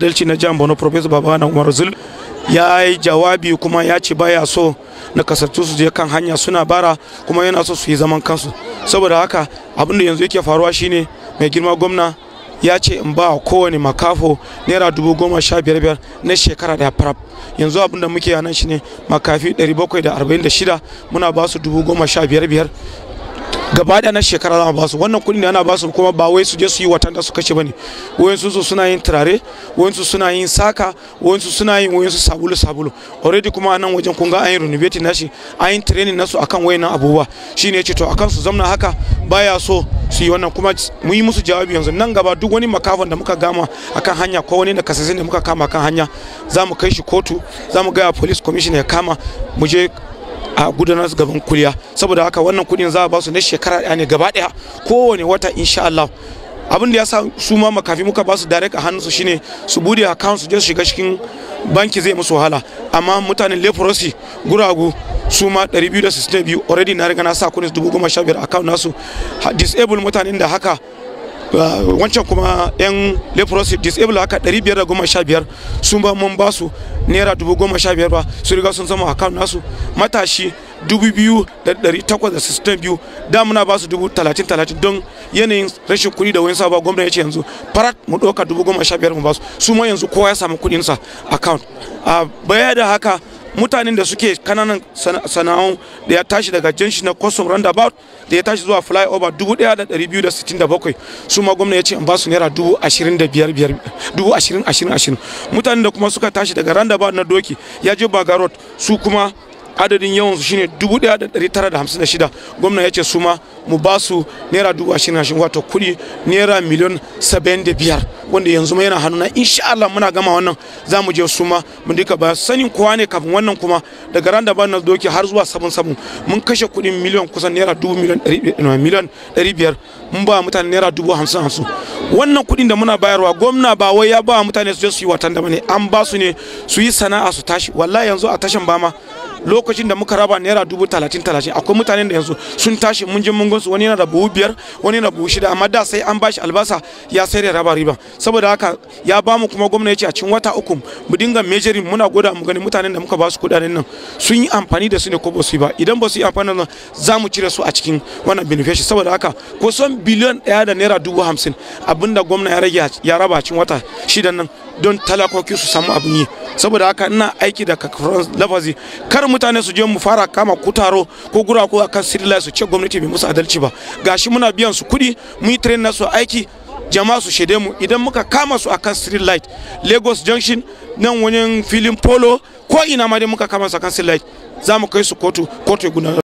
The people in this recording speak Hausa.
adalci na jihar borno professor babana umar zul ya yi jawabi kuma ya ce baya so na kasance su je kan hanya suna bara kuma yana so su yi zaman kansu saboda haka abin da yanzu yake faruwa shine mai girma gwamna ya ce in ba kowane makafo naira dubu goma sha biyar biyar na shekara da farab yanzu abin da muke shi shine makafi 746 muna ba su dubu goma sha biyar biyar gaba da na shekara za a basu wannan kuɗi ne ana basu kuma ba wai su je su yi watan da su kashe bane wayansu su suna yin turare wayansu suna yin saka wayansu suna yin wayansu sabulu sabulu already kuma anan wajen kun ga an yi renovating nashi an yi training nasu akan wayannan abubuwa shine yace to akan su zamna haka baya so su yi wannan kuma mu yi musu jawabi yanzu nan gaba duk wani makafan da muka gama akan hanya ko wani da kasasin da muka kama akan hanya za mu kai shi kotu za mu gaya police commission ya kama mu je a gudanar gaban kuliya saboda haka wannan kudin za a ba su na shekara ɗaya ne gaba ɗaya kowane wata insha Allah abin da ya sa su ma makafi muka ba su direct a hannunsu shine su bude account su je su shiga cikin banki zai musu wahala amma mutanen leprosy guragu su ma 262 already na riga na sa kudin 15,000 account nasu disable mutanen da haka Ah, wancan kuma yan leprosy disable haka 515 sun ba mun basu naira 1015 ba su riga sun zama account nasu matashi 2862 da muna su 3030 don yanayin rashin kuɗi da wani ba gwamnati ya ce yanzu farat mu ɗauka 1015 mu basu su ma yanzu kowa ya samu kuɗinsa account a ah, baya da haka mutanen da suke kananan sana'o da ya tashi daga jenshi na kosom roundabout da ya tashi zuwa flyover 1267 su ma gwamna ya ce in ba su naira 20,000 mutanen da kuma suka tashi daga roundabout na doki ya je bagarot su kuma adadin yawan su shine 1956 gwamna ya ce su ma mu ba su naira dubu ashirin ashirin wato kuɗi naira miliyon biyar. wanda yanzu ma yana hannuna insha Allah muna gama wannan za mu je su ma mu dika ba sanin kowa ne kafin wannan kuma daga ran da ba na doki har zuwa sabon sabon mun kashe kuɗin miliyon kusan naira dubu miliyon eh, biyar. mun ba mutane naira dubu hamsin hamsin wannan kuɗin da muna bayarwa gwamna ba wai ya ba mutane su je su yi watan da bane an ba su ne su yi sana'a su tashi wallahi yanzu a ba ma lokacin da muka raba naira dubu talatin talatin akwai mutane da yanzu sun tashi mun je mun wani yana da buhu biyar wani yana buhu shida amma da sai an bashi albasa ya sai da raba riba saboda haka ya bamu kuma gwamnati a cikin wata uku mu dinga mejerin muna goda mu gani mutanen da muka ba su kudaden nan sun yi amfani da su ne ko ba su yi ba idan ba su yi amfani da za mu cire su a cikin wannan benefit saboda haka kusan biliyan daya da naira dubu hamsin abinda gwamna ya rage ya raba a cikin wata shidan nan don talakoki su samu abin yi saboda haka ina aiki da lafazi kar mutane su je mu fara kama kutaro ko ko akan sirila su ce gwamnati bai musu adalci ba gashi muna biyan su kuɗi mu yi train na su aiki jama'a su shaide mu idan muka kama su akan street light lagos junction nan wani filin polo ko ina ma dai muka kama su akan street light za mu kai su kotu kotu ya